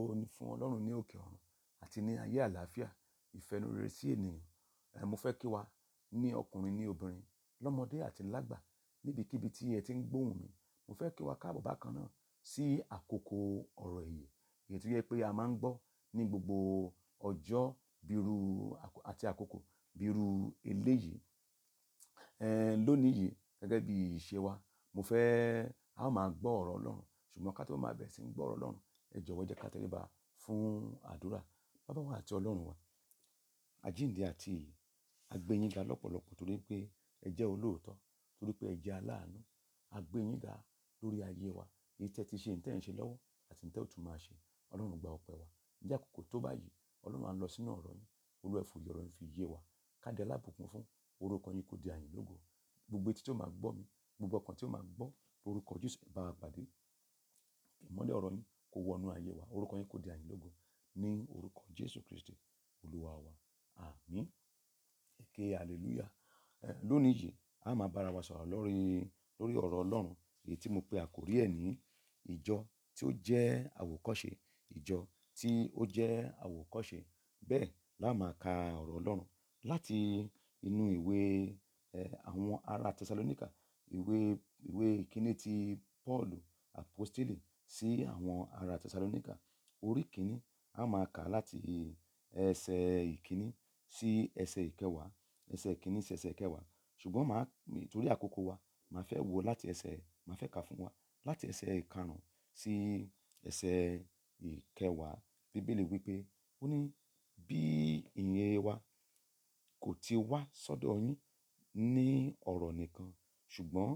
ògo ni fún Ọlọ́run ní òkè ọ̀run àti ní ayé àlàáfíà ìfẹ́nurere sí ènìyàn. Ẹ̀ mo fẹ́ kí wa ní ọkùnrin ní obìnrin, lọ́mọdé àti lágbà níbikíbi tí ẹ ti ń gbóhùn mi. Mo fẹ́ kí wa káàbọ̀ bákan náà sí àkókò ọ̀rọ̀ ìyè, èyí tó jẹ́ pé a máa ń gbọ́ ní gbogbo ọjọ́ bírú àti àkókò bírú eléyìí. lónìí yìí gẹ́gẹ́ bí ìṣe wa, mo fẹ́ a ó máa gbọ́ ọ̀rọ̀ Ọlọ́run ṣùgbọ́n ká tó máa bẹ̀rẹ̀ sí ní gbọ́ ọ̀rọ̀ Ọlọ́run, ẹ jọ̀wọ́ jẹ́ ká fún àdúrà. Baba wa àti Ọlọ́run wa, àjíǹde àti ìyè, a gbé yín ga lọ́pọ̀lọpọ̀ torí pé ẹ jẹ́ olóòótọ́, torí pé ẹ jẹ́ aláàánú. A gbé yín ga lórí ayé wa, èyí tí ẹ ti ṣe, èyí tí ẹ̀ ń ṣe lọ́wọ́ àti èyí tí ẹ ó tún máa ṣe. Ọlọ́run gba ọpẹ́ wa. Ní àkókò tó báyìí, Ọlọ́run à ń lọ sínú ọ̀rọ̀ yín. Olúwa ẹ fi òye fi yé wa. Ká alábùkún fún, orúkọ yín kó di àyìn lógo. Gbogbo etí tí ó máa gbọ́ mi, gbogbo ọkàn tí ó máa gbọ́, lórúkọ Jésù bá wa pàdé. Ìmọ́lẹ̀ ọ̀rọ̀ yín kó wọnú ayé wa orúkọ yín kó di àyìn lógo ní orúkọ Jésù Kristi olúwa wa àmín èké hallelujah lónìí yìí a máa bára wa sọ̀rọ̀ lórí lórí ọ̀rọ̀ Ọlọ́run èyí tí mo pe àkórí ẹ̀ ní ìjọ tí ó jẹ́ àwòkọ́ṣe ìjọ tí ó jẹ́ àwòkọ́ṣe bẹ́ẹ̀ la máa ka ọ̀rọ̀ Ọlọ́run láti inú ìwé àwọn ará Tẹsalóníkà ìwé ìwé ìkíní ti Paul àpọ́stélì sí àwọn ará Tẹsalóníkà. Orí kìíní a máa kà láti ẹsẹ̀ ìkíní sí ẹsẹ̀ ìkẹwàá, ẹsẹ̀ ìkíní sí ẹsẹ̀ ìkẹwàá. Ṣùgbọ́n màá, torí àkókò wa, màá fẹ́ wo láti ẹsẹ̀, màá fẹ́ kà fún wa láti ẹsẹ̀ ìkarùn-ún sí ẹsẹ̀ ìkẹwàá. Bíbélì wípé ó ní bí ìyìn wa kò ti wá sọ́dọ̀ yín ní ọ̀rọ̀ nìkan ṣùgbọ́n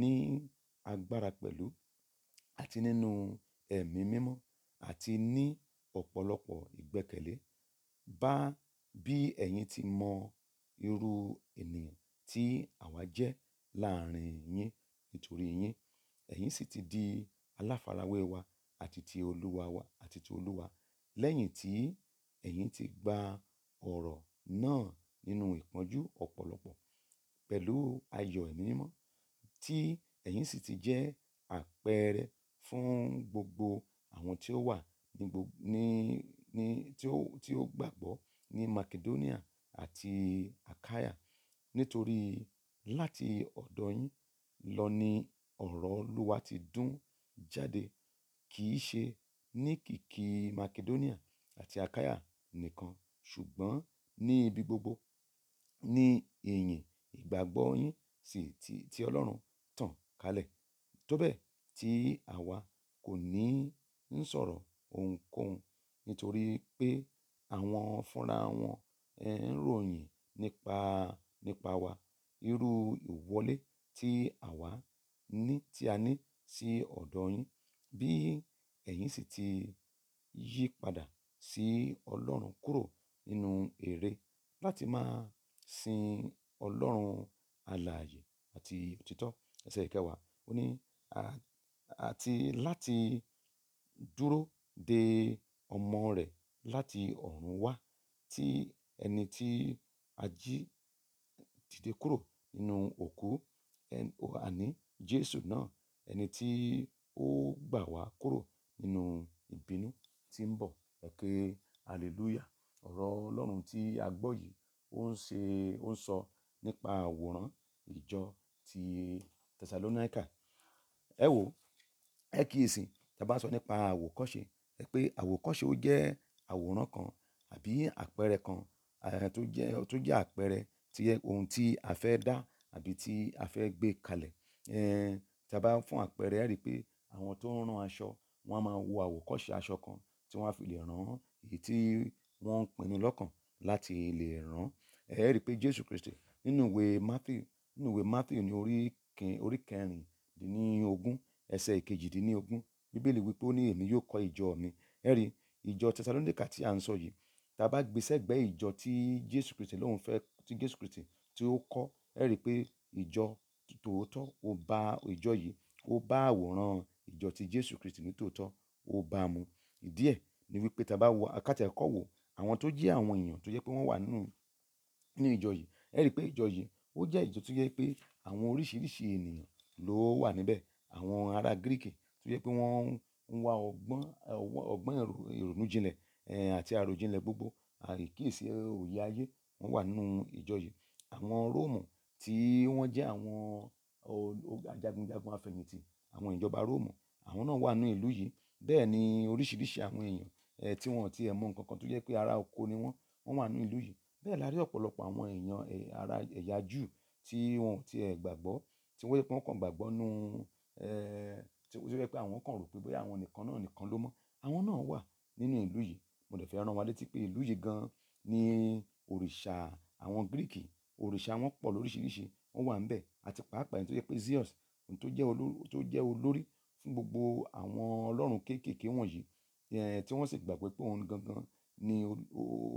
ní agbára pẹ̀lú àti nínú ẹ̀mí mímọ́ àti ní ọ̀pọ̀lọpọ̀ ìgbẹ́kẹ̀lé. Bá bí ẹ̀yin ti mọ irú ènìyàn tí àwa jẹ́ láàárín yín nítorí yín, ẹ̀yin sì ti di aláfarawé wa àti ti Olúwa wa àti ti Olúwa. Lẹ́yìn tí ẹ̀yin ti gba ọ̀rọ̀ náà nínú ìpọ́njú ọ̀pọ̀lọpọ̀ pẹ̀lú ayọ̀ ẹ̀mí mímọ́ tí ẹ̀yin sì ti jẹ́ àpẹẹrẹ fún gbogbo àwọn tí ó wà ní gbogbo ní ní tí ó tí ó gbàgbọ́ ní Makedonia àti Akaya. Nítorí láti ọ̀dọ̀ yín lọ ni ọ̀rọ̀ Olúwa ti dùn jáde, kì í ṣe ní kìkì Makedonia àti Akaya nìkan, ṣùgbọ́n ní ibi gbogbo ní ìyìn ìgbàgbọ́ yín sì ti ti Ọlọ́run tàn kálẹ̀. Tóbẹ́ẹ̀ tí àwa kò ní ń sọ̀rọ̀ ohunkóhun nítorí pé àwọn fúnra wọn ẹ̀ ń ròyìn nípa, nípa wa. Irú ìwọlé tí àwa ní, tí a ní sí ọ̀dọ̀ yín. Bí ẹ̀yin sì ti yípadà sí Ọlọ́run kúrò nínú ère láti máa sin Ọlọ́run alààyè àti òtítọ́. Ẹsẹ̀ ìkẹwàá ó ní a àti láti dúró de ọmọ rẹ̀ láti ọ̀run wá tí ẹni tí a jí dìde kúrò nínú òkú, àní Jésù náà, ẹni tí ó gbà wá kúrò nínú ìbínú tí ń bọ̀. Ẹ ké hallelujah. Ọ̀rọ̀ tí a gbọ́ yìí ó ń ṣe, ó ń sọ nípa àwòrán ìjọ ti Tẹsalónìkà. Ẹ wò ó ẹ kíyèsí tá a bá sọ nípa àwòkọ́ṣe ẹ pé àwòkọ́ṣe ó jẹ́ àwòrán kan àbí àpẹẹrẹ kan eh, tó jẹ́ àpẹẹrẹ ti ohun tí a fẹ́ dá àbí tí a fẹ́ gbé kalẹ̀ eh, tá a bá fún àpẹẹrẹ ẹ rí i pé àwọn tó ń rán aṣọ wọ́n á máa wo àwòkọ́ṣe aṣọ kan tí wọ́n á fi lè rán èyí tí wọ́n ń pinnu lọ́kàn láti lè rán eh, ẹ rí i pé Jésù Kristi nínú ìwé Matthew nínú ìwé Matthew ní orí kẹrìndínlógún ẹsẹ̀ ìkejìdínlógún bíbélì wípé ó ní èmi yóò kọ́ ìjọ mi ẹ rí ìjọ tẹsalónìkà tí à ń sọ yìí tá a bá gbé sẹ́gbẹ̀ẹ́ ìjọ tí jésù kristi lòun fẹ́ tí jésù kristi tí ó kọ́ ẹ rí i pé ìjọ tòótọ́ ó bá ìjọ yìí ó bá àwòrán ìjọ ti jésù kristi ní tòótọ́ ó bá mu ìdí ẹ̀ ni wípé tá a bá wọ akátẹ̀kọ́ wò àwọn tó jẹ́ àwọn èèyàn tó jẹ́ pé wọ́n wà nínú ní ìjọ yìí ẹ rí i pé ìjọ yìí ó jẹ́ ìjọ tó jẹ́ pé àwọn oríṣiríṣi ènìyàn ló wà níbẹ̀ àwọn ará Greek tó jẹ́ pé wọ́n ń wá ọgbọ́n, ọgbọ́n ìrònú jinlẹ̀ eh, àti àròjinlẹ̀ gbogbo, àìkíyèsí òye ayé wọ́n wà nínú ìjọ yìí. Àwọn Róòmù tí wọ́n jẹ́ àwọn jagunjagun afẹ̀yìntì, àwọn ìjọba Róòmù, àwọn náà wà nínú ìlú yìí. Bẹ́ẹ̀ ni oríṣiríṣi àwọn èèyàn eh, tí wọ́n ti ẹ̀ mọ̀ nǹkan kan tó jẹ́ pé ará oko ni wọ́n, wọ́n wà nínú ìlú yìí. Bẹ́ẹ̀ la rí ọ̀pọ̀lọpọ̀ àwọn èèyàn eh, ará ẹ̀yà Júù tí wọn ò tí gbàgbọ́, tí wọ́n jẹ́ pé wọ́n kàn gbàgbọ́ nínú tí ó jẹ́ pé àwọn kan rò pé bóyá àwọn nìkan náà nìkan ló mọ̀ àwọn náà wà nínú ìlú yìí mo dẹ̀ fẹ́ rán wa létí pé ìlú yìí gan ni òrìṣà àwọn gíríìkì òrìṣà wọn pọ̀ lóríṣiríṣi wọ́n wà ńbẹ̀ àti pàápàá ẹni tó jẹ́ pé zeus tó jẹ́ olórí fún gbogbo àwọn ọlọ́run kéékèèké wọ̀nyí eh, tí wọ́n sì gbàgbé pé òun gangan ni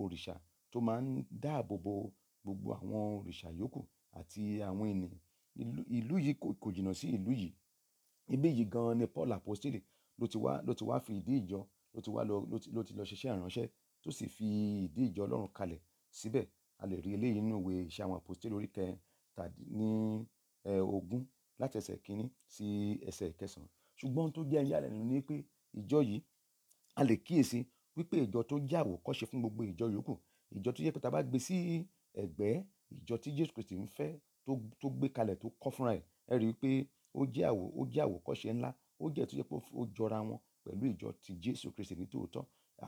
òrìṣà tó máa ń dáàbò bo gbogbo àwọn òrìṣà yòókù àti àwọn ènìyàn ìlú yìí kò jìnnà sí ìlú yìí ibí yìí gan-an ni paul apostoli ló ti wá ló ti wá fi ìdí ìjọ ló ti wá ló ti lọ ṣiṣẹ́ ìránṣẹ́ tó sì fi ìdí ìjọ ọlọ́run kalẹ̀ síbẹ̀ a lè rí eléyìí nínú ìwé iṣẹ́ àwọn apostoli orí kẹ tàbí ní ogún láti ẹsẹ̀ kínní sí ẹsẹ̀ kẹsàn-án ṣùgbọ́n tó jẹ́ ìyàlẹ́nu ni pé ìjọ yìí a lè kíyèsí wípé ìjọ tó jẹ́ àwòkọ́ṣe fún gbogbo ìjọ yòókù ìjọ tó yẹ pé tá a bá gbé sí ẹ̀gbẹ́ ìjọ tí Jésù Kristi ń fẹ́ tó gbé kalẹ̀ tó kọ́ fúnra ẹ̀ ẹ rí i pé ó jẹ́ àwò ó jẹ́ àwòkọ́ṣe ńlá ó jẹ́ tó jẹ́ pé ó jọra wọn pẹ̀lú ìjọ ti Jésù Kristi ní tòótọ́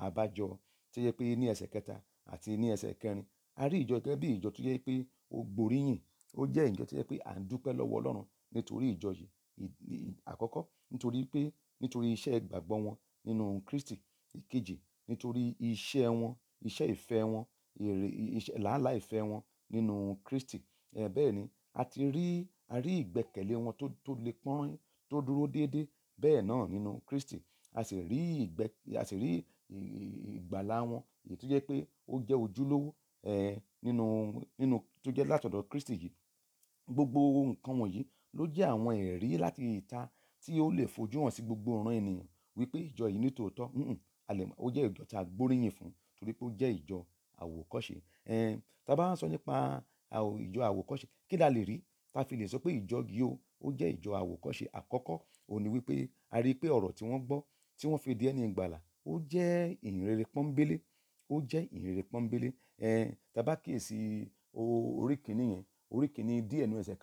àbájọ tó jẹ́ pé ní ẹsẹ̀ kẹta àti ní ẹsẹ̀ kẹrin a rí ìjọ gẹ́gẹ́ bí ìjọ tó jẹ́ pé ó gboríyìn ó jẹ́ ìjọ tó jẹ́ pé à ń dúpẹ́ lọ́wọ́ Ọlọ́run nítorí ìjọ yìí àkọ́kọ́ nítorí pé nítorí iṣẹ́ ìgbàgbọ́ wọn nínú Kristi ìkejì nítorí iṣẹ́ wọn iṣẹ́ ìfẹ́ wọn èrè iṣẹ́ làálàá ìfẹ́ wọn nínú Kristi ẹ̀ bẹ́ẹ̀ ni a ti rí a rí ìgbẹ́kẹ̀lé wọn tó, tó le pọ́nrín tó dúró déédéé bẹ́ẹ̀ náà nínú Kristi. A sì rí ìgbẹ́, a sì rí ìgbàlà wọn èyí tó jẹ́ pé ó jẹ́ ojúlówó, ẹ́, nínú, nínú tó jẹ́ látọ̀dọ̀ Kristi yìí. Gbogbo nǹkan wọ̀nyí ló jẹ́ àwọn ẹ̀rí láti ìta tí ó lè fojú hàn sí gbogbo ìran ènìyàn wípé ìjọ yìí ní tòótọ́, hìhùn, a lè mọ̀, ó jẹ́ ìjọ tí a gbóríyìn fún torí pé ó jẹ́ ìjọ àwòkọ́ṣe. Ẹ̀, tí a bá ń sọ nípa ìjọ àwòkọ́ṣe, kí la lè rí? Tá fi lè sọ pé ìjọ yìí ó, ó jẹ́ ìjọ àwòkọ́ṣe àkọ́kọ́, òun ni wípé a rí pé ọ̀rọ̀ tí wọ́n gbọ́, tí wọ́n fi di ẹni ìgbàlà, ó jẹ́ ìhìnrere pọ́nbélé, ó jẹ́ ìhìnrere pọ́nbélé. Ehn, tá bá kíyèsi orí yẹn, orí kìíní díẹ̀ nínú ẹsẹ̀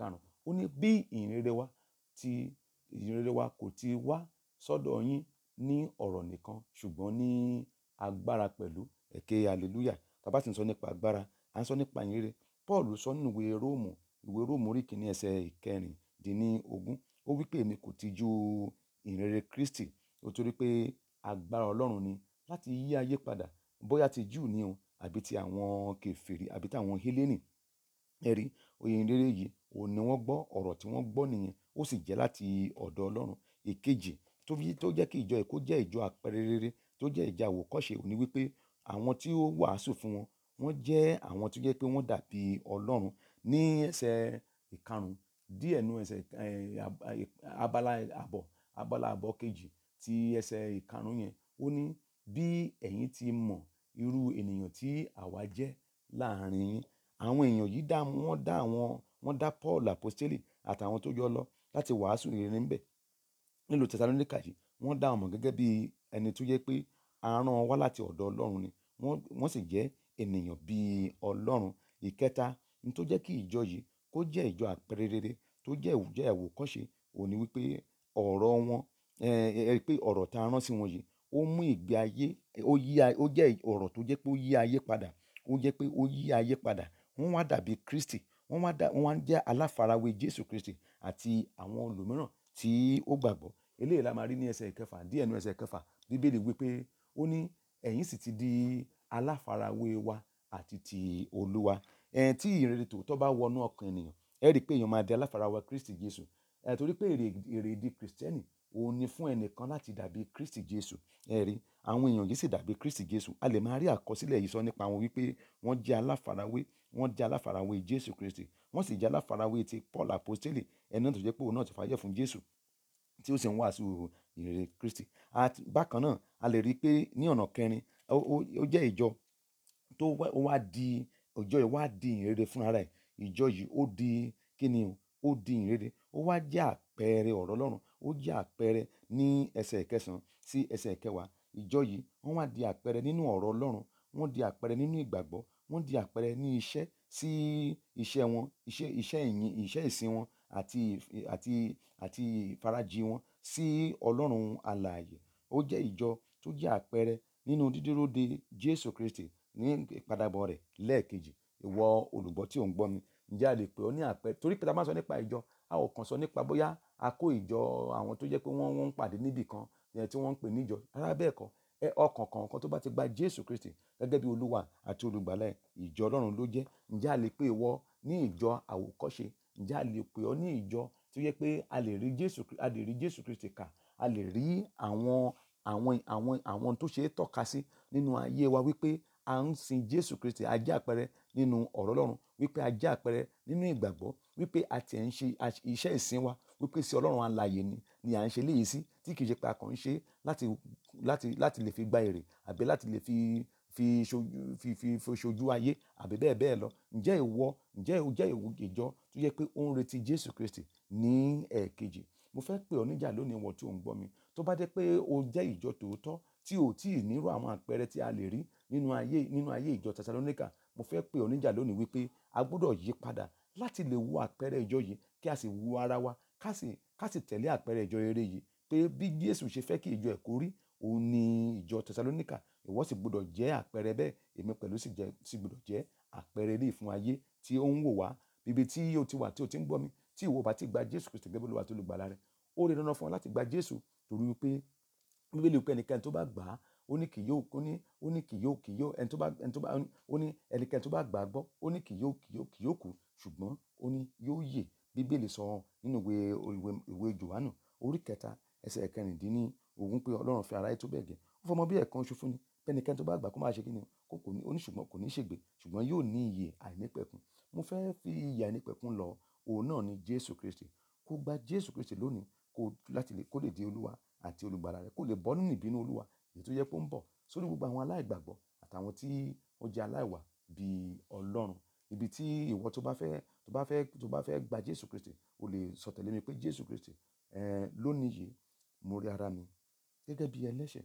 ó ní bí ìhìnrere wa ti, ìhìnrere wa kò ti wá sọ́dọ̀ yín ní ọ̀rọ̀ nìkan ṣùgbọ́n ní agbára pẹ̀lú èké hallelujah. Tá bá sì ń sọ nípa agbára, a ń sọ nípa ìhìnrere. Paulu sọ nínú Róòmù Ìwé Róòmù orí kìíní ẹsẹ̀ ìkẹrìndínní ogún. Ó wí pé èmi kò tijú ìhìnrere Kristi, nítorí pé agbára Ọlọ́run ni láti yí ayé padà bóyá ti Júù ni o àbí ti àwọn kèfèrí àbí ti àwọn Hélénì. Ẹ rí, ìhìnrere yìí òun ní wọ́n gbọ́, ọ̀rọ̀ tí wọ́n gbọ́ nìyẹn ó sì jẹ́ láti ọ̀dọ̀ Ọlọ́run. Èkejì tó jẹ́ kí ìjọ yìí kó jẹ́ ìjọ àpẹẹrẹ tó jẹ́ ìjọ àwòkọ́ṣe òun wípé àwọn tí ó wàásù fún wọn, wọ́n jẹ́ àwọn tó jẹ́ pé wọ́n dàbí Ọlọ́run ní ẹsẹ̀ ìkarùn-ún díẹ̀ nínú eh, eh, abala àbọ̀ abala àbọ̀ kejì ti ẹsẹ̀ ìkarùn-ún yẹn ó ní bí ẹ̀yin ti mọ irú ènìyàn tí àwa jẹ́ láàrin yín àwọn èèyàn yìí dá wọ́n dá àwọn wọ́n dá Paul àpọ́stélì àtàwọn tó jọ lọ láti wàásù rere ńbẹ nílùú Tẹsalóníkà yìí wọ́n dá wọn mọ̀ gẹ́gẹ́ bí ẹni tó yẹ pé arán wá láti ọ̀dọ̀ Ọlọ́run ni wọ́n sì jẹ́ ènìyàn bíi Ọlọ́run ìkẹta Ohun tó jẹ́ kí ìjọ yìí kó jẹ́ ìjọ àpẹẹrẹ rere tó jẹ́ ìjọ àwòkọ́ṣe òun ni wípé ọ̀rọ̀ wọn, ẹ rí pé ọ̀rọ̀ tá a rán sí wọn yìí ó mú ìgbé ayé, ó yí, ó jẹ́ ọ̀rọ̀ tó jẹ́ pé ó yí ayé padà. Ó jẹ́ pé ó yí ayé padà. Wọ́n wá dàbí Kristi. Wọ́n wá dà, wọ́n jẹ́ aláfarawé Jésù Kristi àti àwọn ẹlòmíràn tí ó gbàgbọ́. Eléyìí la máa rí ní ẹsẹ̀ kẹfà. Díẹ̀ nínú ẹsẹ̀ kẹfà. Bíbélì wípé ó ní ẹ̀yin sì ti di aláfarawé wa àti ti Olúwa ẹn tí ìrere tòótọ́ bá wọnú ọkàn ènìyàn ẹ rí i pé èèyàn máa di aláfarawá Kristi Jésù ẹ torí pé èrèdí Kristẹni òun ni fún ẹnìkan láti dàbí Kristi Jésù ẹ rí àwọn èèyàn yìí sì dàbí Kristi Jésù a lè máa rí àkọsílẹ̀ yìí sọ nípa wọn wípé wọ́n jẹ́ aláfarawé wọ́n jẹ́ aláfarawé Jésù Kristi wọ́n sì jẹ́ aláfarawé ti Paul apostoli ẹni tó jẹ́ pé òun náà ti fàyẹ̀ fún Jésù tí ó sì ń wàásù ìrere Kristi bákan náà a lè rí i pé ní ọ̀nà kẹrin ó jẹ́ ìjọ tó wá di ìjọ yìí wá di ìrere fúnra rẹ̀ ìjọ yìí ó di kí ni o ó di ìrere ó wá jẹ́ àpẹẹrẹ ọ̀rọ̀ ọlọ́run ó jẹ́ àpẹẹrẹ ní ẹsẹ̀ ìkẹsàn-án sí ẹsẹ̀ ìkẹwàá ìjọ yìí wọ́n wá di àpẹẹrẹ nínú ọ̀rọ̀ ọlọ́run wọ́n di àpẹẹrẹ nínú ìgbàgbọ́ wọ́n di àpẹẹrẹ ní iṣẹ́ sí iṣẹ́ wọn iṣẹ́ iṣẹ́ ìyìn iṣẹ́ ìsìn wọn àti àti àti ìfarajì wọn sí ọlọ́run alààyè ó jẹ́ ìjọ tó jẹ́ àpẹẹrẹ nínú dídúró de Jésù Kristi ní ìpadàbọ̀ rẹ̀ lẹ́ẹ̀kejì ìwọ olùgbọ́ tí ò ń gbọ́ mi ǹjẹ́ a lè pè ọ́ ní àpẹ torí pé tá a máa sọ nípa ìjọ a ò kàn sọ nípa bóyá a kó ìjọ àwọn tó jẹ́ pé wọ́n wọ́n ń pàdé níbì kan tí wọ́n ń pè níjọ rárá bẹ́ẹ̀ kọ́ ẹ ọkàn kọ̀ọ̀kan tó bá ti gba Jésù Kristi gẹ́gẹ́ bí olúwa àti olùgbàlà ìjọ Ọlọ́run ló jẹ́ ǹjẹ́ a lè pè ìwọ ní ìjọ àwòkọ́ṣe ǹjẹ́ a lè pè ọ́ ní ìjọ tó yẹ pé a lè rí Jésù a lè rí Jésù Kristi kà a lè rí àwọn àwọn àwọn àwọn tó ṣe é tọ́ka sí nínú ayé wa wípé à ń sin jésù kristi a jẹ́ àpẹẹrẹ nínú ọ̀rọ̀ ọlọ́run wípé a jẹ́ àpẹẹrẹ nínú ìgbàgbọ́ wípé a ti ń ṣe iṣẹ́ ìsìn wa wípé sí ọlọ́run alààyè ni ni à ń ṣe léyìí sí tí kì í ṣe pé a kàn ń ṣe láti láti láti lè fi gba èrè àbí láti lè fi fi ṣojú fi fi fi ṣojú ayé àbí bẹ́ẹ̀ bẹ́ẹ̀ lọ ǹjẹ́ ìwọ ǹjẹ́ ìjẹ́ ìwọ ìjọ tó yẹ pé ó ń retí jésù kristi ní ẹ̀ẹ̀kejì mo fẹ́ pè ọ́ níjà lónìí wọn tí ò ń gbọ́ mi tó bá dé pé o jẹ́ ìjọ tòótọ́ tí ò tí ì nírú àwọn àpẹẹrẹ tí a lè rí nínú ayé nínú ayé ìjọ Tẹsalóníkà mo fẹ́ pè ọ́ níjà lónìí wípé a gbọ́dọ̀ yí padà láti lè wo àpẹẹrẹ ìjọ yìí kí a sì wo ara wa ká sì ká sì tẹ̀lé àpẹẹrẹ ìjọ rere yìí pé bí Jésù ṣe fẹ́ kí ìjọ ẹ̀ kó rí òun ni ìjọ Tẹsalóníkà ìwọ sì gbọ́dọ̀ jẹ́ àpẹẹrẹ bẹ́ẹ̀ èmi pẹ̀lú sì gbọ́dọ̀ jẹ́ àpẹẹrẹ ilé ìfún ayé tí ó ń wò wá bíbi tí o ti wà tí o ti ń gbọ́ mi tí ìwọ bá ti gba Jésù Kristi gẹ́gẹ́ bí Olúwa tó lè gbàlà rẹ ó rí dandan fún ọ láti gba Jésù torí wípé bíbélì pé tó bá gbà á ó ní kì yóò ó ní ó ní kì yóò kì yóò ẹni tó bá ẹni tó bá ó ní ẹnikẹ́ni tó bá gbà gbọ́ ó ní kì yóò kì yóò kì yóò kú ṣùgbọ́n ó ní yóò yè bíbélì sọ nínú ìwé ìwé ìwé johannu orí kẹta ẹsẹ̀ kẹrìndínlẹ́ni ogún pé ọlọ́run fi ara ẹ̀ tó bẹ́ẹ̀ gẹ́ ó fọmọ bí ẹ̀kan oṣù fún ni pẹ́nikẹ́ni tó bá gbà kó máa ṣe kí ni kò kò ní ó ní ṣùgbọ́n kò ní ṣègbè ṣùgbọ́n yóò ní ìyè àìnípẹ̀kun mo fẹ́ fi ìyè àìnípẹ̀kun lọ òun náà ni jésù kristi kó gba jésù kristi lónìí kó láti lè kó lè di olúwa àti olùgbàlà rẹ kó lè bọ́ nínú ìbínú olúwa èyí tó yẹ kó ń bọ̀ sórí gbogbo àwọn aláìgbàgbọ́ àtàwọn tí ó jẹ́ aláìwà bí Ọlọ́run ibi tí ìwọ tó bá fẹ́ tó bá fẹ́ tó bá fẹ́ gba Jésù Kristi o lè sọ tẹ̀lé mi pé Jésù Kristi eh, lónìí yìí mo rí ara mi gẹ́gẹ́ bí ẹlẹ́ṣẹ̀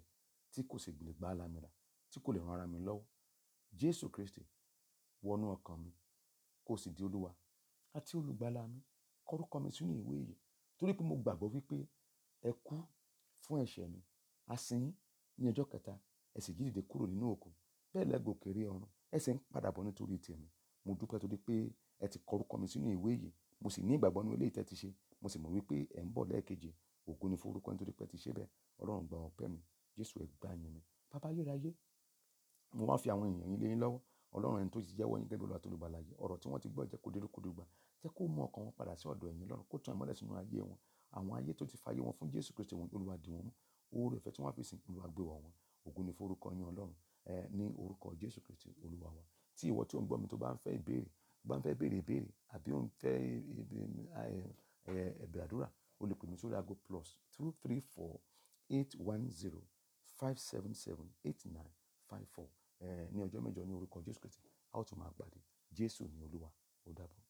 tí kò sì lè gba ara tí kò lè ran ara mi lọ́wọ́ Jésù Kristi wọnú ọkàn mi kó sì di Olúwa àti olùgbàlà mi kọrúkọ mi sínú ìwé yìí torí pé mo gbàgbọ́ wípé ẹ kú fún ẹ̀ṣẹ̀ mi àsìn ní ọjọ́ kẹta ẹ sì jí dìde kúrò nínú òkú bẹ́ẹ̀ lẹ gòkè rí ọ̀run ẹ sì ń padà bọ̀ nítorí tèmi mo dúpẹ́ torí pé ẹ ti kọ mi sínú ìwé yìí mo sì ní ìgbàgbọ́ nínú eléyìí tẹ́ ti ṣe mo sì mọ̀ wípé ẹ̀ ń bọ̀ lẹ́ẹ̀kejì ògo ni forúkọ nítorí pé ẹ ti ṣe bẹ́ẹ̀ ọlọ́run gba ọpẹ́ mi jésù ẹ gbà yìn mi bàbá ayérayé mo wá fi àwọn èèyàn yín lé yín lọ́wọ́ ọlọ́run ẹni tó ti jẹ́wọ́ yín gẹ́gẹ́ bí olùbàlàyé ọ̀rọ̀ tí wọ́n ti gbọ́ jẹ́ kó dérú kó dùgbà jẹ́ kó mú ọkàn wọn padà sí ọ̀dọ̀ ẹ̀yin lọ́run kó tàn ìmọ́lẹ̀ sínú ayé wọn àwọn ayé tó ti fayé wọn fún jésù kristi wọn oore ọ̀fẹ́ tí wọ́n á fi sìn Olúwa gbé wọ̀ wọ́n ògo ni fún yín Ọlọ́run ẹ ní orúkọ Jésù Kristi Olúwa wa tí ìwọ tí ò ń gbọ́ mi tó bá ń fẹ́ ìbéèrè bá ń fẹ́ béèrè ìbéèrè àbí ó ń fẹ́ ẹ̀bẹ̀ àdúrà o lè pè mí sórí aago plus two three four eight one zero five seven seven eight nine five four ní ọjọ́ mẹ́jọ ní orúkọ Jésù Kristi a ó tún máa pàdé Jésù ní Olúwa ó dàbọ̀.